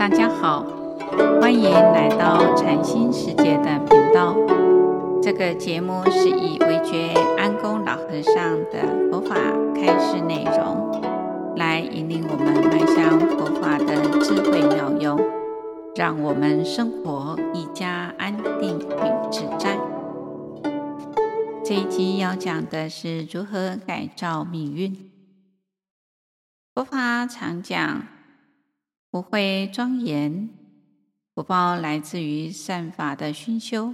大家好，歡迎來到禪心世界的頻道。這個節目是以惟覺安公老和尚的佛法開示內容，來引領我們邁向佛法的智慧妙用，讓我們生活更加安定與自在。這一集要講的是如何改造命運。佛法常講。福慧莊嚴，福報來自於善法的熏修。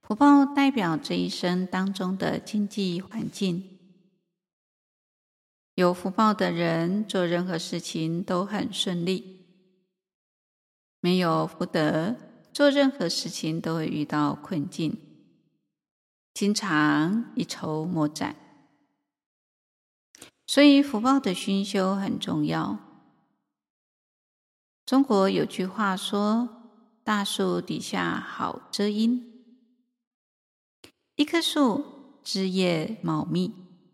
福報代表這一生當中的經濟環境，有福報的人做任何事情都很順利；沒有福德，做任何事情都會遇到困境，經常一籌莫展。所以，福報的熏修很重要。中國有句話說：“大樹底下好遮陰。”一棵樹枝葉茂密，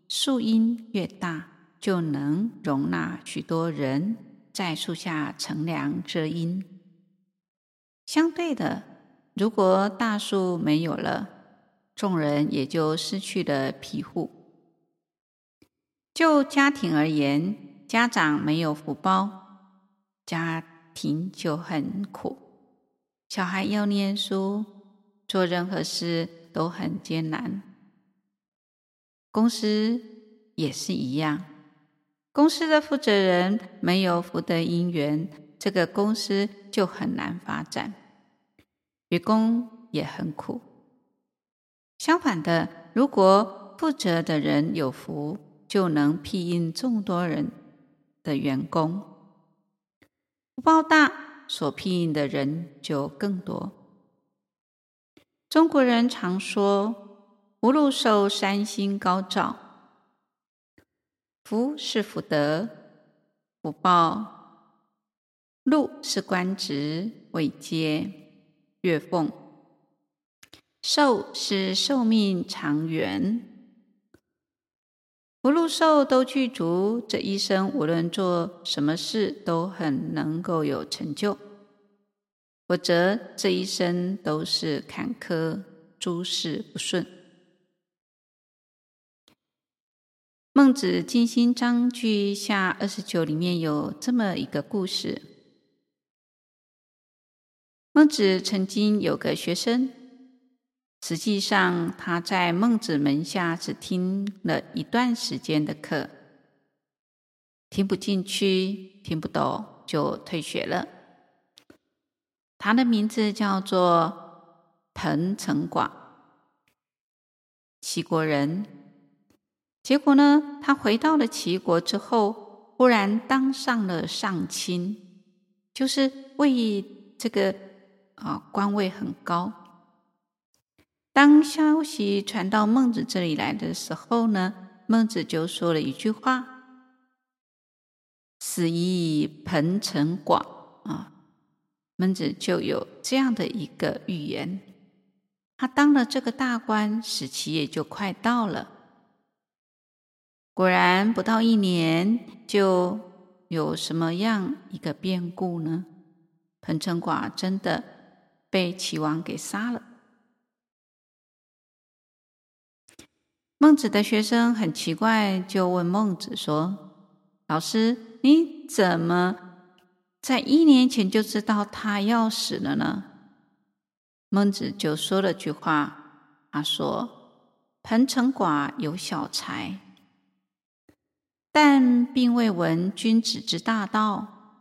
樹蔭越大，就能容納許多人在樹下乘涼遮陰。相對的，如果大樹沒有了，眾人也就失去了庇護。就家庭而言，家長沒有福報，家庭就很苦，小孩要念書，做任何事都很艱難。公司也是一樣，公司的負責人沒有福德因緣，這個公司就很難發展，員工也很苦。相反的，如果負責的人有福，就能庇蔭眾多人的員工，福報大，所庇蔭的人就更多。中國人常說：“福祿壽三星高照。”福是福德，福報；祿是官職、位階、月俸；壽是壽命長遠。福祿壽都具足，這一生無論做什麼事都很能夠有成就；否則，這一生都是坎坷，諸事不順。孟子盡心章句下二十九裡面有這麼一個故事：孟子曾經有個學生。實際上，他在孟子門下只聽了一段時間的課，聽不進去，聽不懂，就退學了。他的名字叫做盆成括，齊國人。結果呢，他回到了齊國之後，忽然當上了上卿，就是位於這個啊官位很高。當消息傳到孟子這裡來的時候呢，孟子就說了一句話：“死矣盆成括啊。”孟子就有這樣的一個預言。他當了這個大官，死期也就快到了。果然不到一年，就有什麼樣一個變故呢？盆成括真的被齊王給殺了。孟子的學生很奇怪，就問孟子說：“老師，你怎麼在一年前就知道他要死了呢？”孟子就說了句話，他說：“盆成括有小才，但並未聞君子之大道，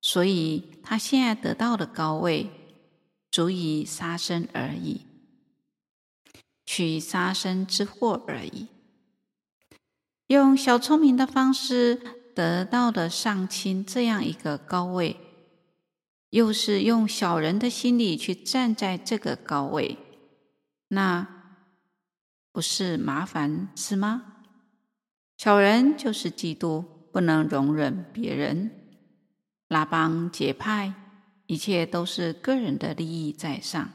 所以他現在得到的高位，足以殺身而已。”取殺身之禍而已。用小聰明的方式得到的上卿這樣一個高位，又是用小人的心理去站在這個高位，那不是麻煩是嗎？小人就是嫉妒，不能容忍別人，拉幫結派，一切都是個人的利益在上。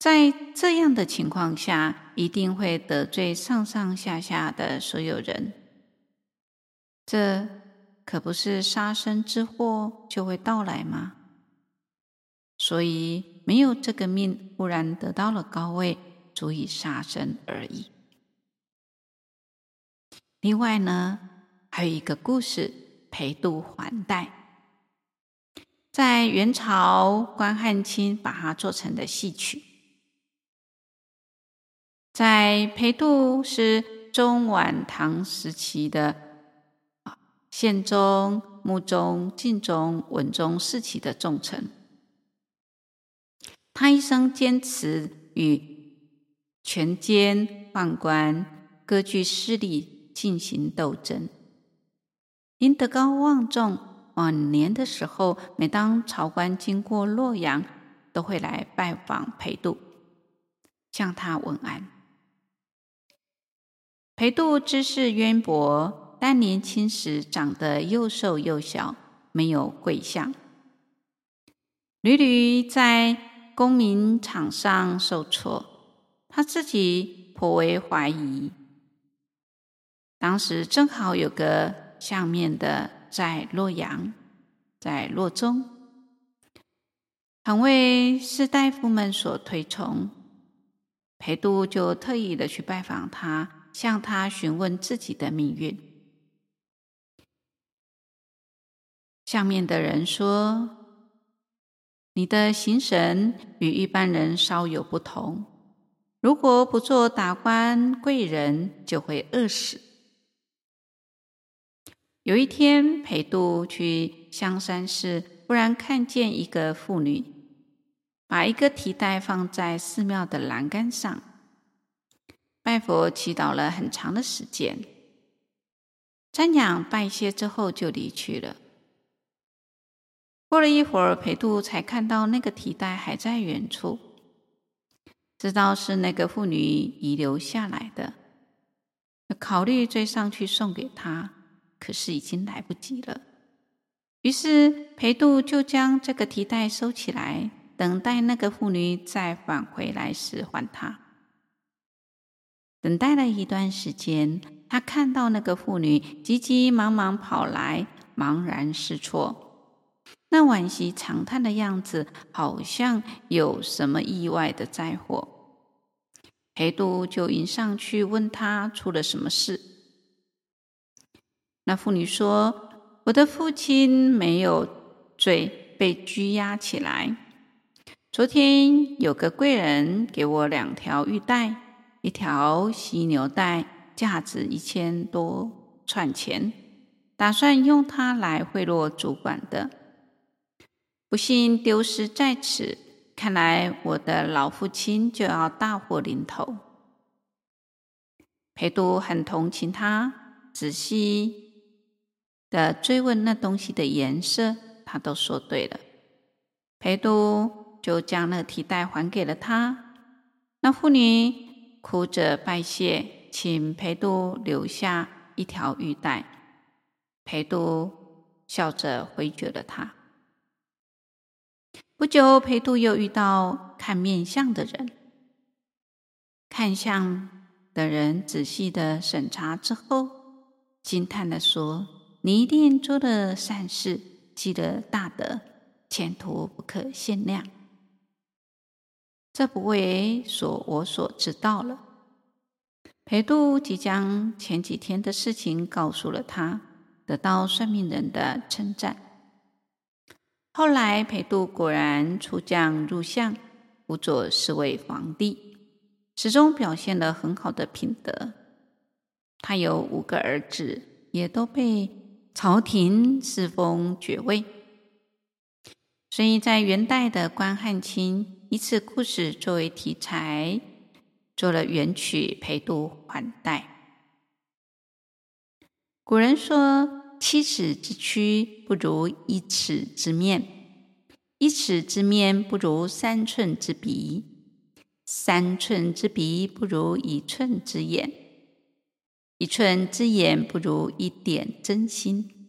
在這樣的情況下，一定會得罪上上下下的所有人，這可不是殺身之禍就會到來嗎？所以沒有這個命，忽然得到了高位，足以殺身而已。另外呢，還有一個故事《裴度還帶》，在元朝關漢卿把它做成的戲曲。在裴度是中晚唐時期的啊憲宗、穆宗、敬宗、文宗四朝的重臣，他一生堅持與權奸、宦官、割據勢力進行鬥爭。因德高望重，晚年的時候，每當朝官經過洛陽，都會來拜訪裴度，向他問安。裴度知識淵博，但年輕時長得又瘦又小，沒有貴相。屢屢在功名場上受挫，他自己頗為懷疑。當時正好有個相面的在洛陽，在洛中，很為士大夫們所推崇。裴度就特意的去拜訪他。向他詢問自己的命運。相面的人說：“你的形神與一般人稍有不同，如果不做達官貴人，就會餓死。”有一天，裴度去香山寺，忽然看見一個婦女把一個提袋放在寺廟的欄杆上。拜佛祈禱了很長的時間，瞻仰拜謝之後就離去了。過了一會兒，裴度才看到那個提袋還在原處，知道是那個婦女遺留下來的，考慮追上去送給她，可是已經來不及了。於是裴度就將這個提袋收起來，等待那個婦女再返回來時還他。等待了一段時間，他看到那個婦女急急忙忙跑來，茫然失措，那惋惜長嘆的樣子，好像有什麼意外的災禍。裴度就迎上去問她出了什麼事。那婦女說：“我的父親沒有罪，被拘押起來。昨天有個貴人給我兩條玉帶。”一條犀牛帶，價值一千多串錢，打算用它來賄賂主管的。不幸丟失在此，看來我的老父親就要大禍臨頭。裴度很同情他，仔細地追問那東西的顏色，他都說對了。裴度就將那提袋還給了他。那婦女。哭着拜謝，請裴度留下一條玉帶。裴度笑着回絕了她。不久，裴度又遇到看面相的人。看相的人仔細的審查之後，驚嘆的說：“你一定做了善事，積了大德，前途不可限量。”這不為所我所知道了。裴度即將前幾天的事情告訴了他，得到算命人的稱讚。後來裴度果然出將入相，輔佐四位皇帝，始終表現了很好的品德。他有五個兒子，也都被朝廷賜封爵位。所以在元代的關漢卿，以此故事作為題材，做了元曲《裴度還帶》。古人說：“七尺之軀不如一尺之面，一尺之面不如三寸之鼻，三寸之鼻不如一寸之眼，一寸之眼不如一點真心。”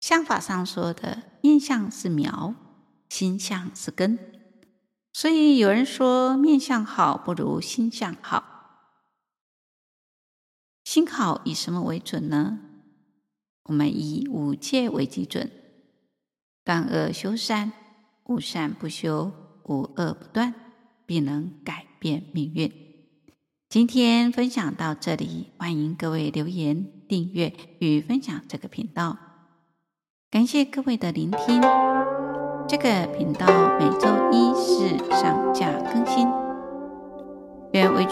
相法上說的，面相是苗，心相是根。所以有人說，面相好不如心相好。心好以什麼為準呢？我們以五戒為基準，斷惡修善，無善不修，無惡不斷，必能改變命運。今天分享到這裡，歡迎各位留言、訂閱與分享這個頻道。感謝各位的聆聽，這個頻道每周。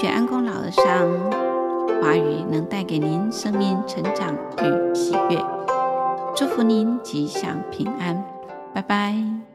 願安公老和尚，華語能帶給您生命成長與喜悅。祝福您吉祥平安，拜拜。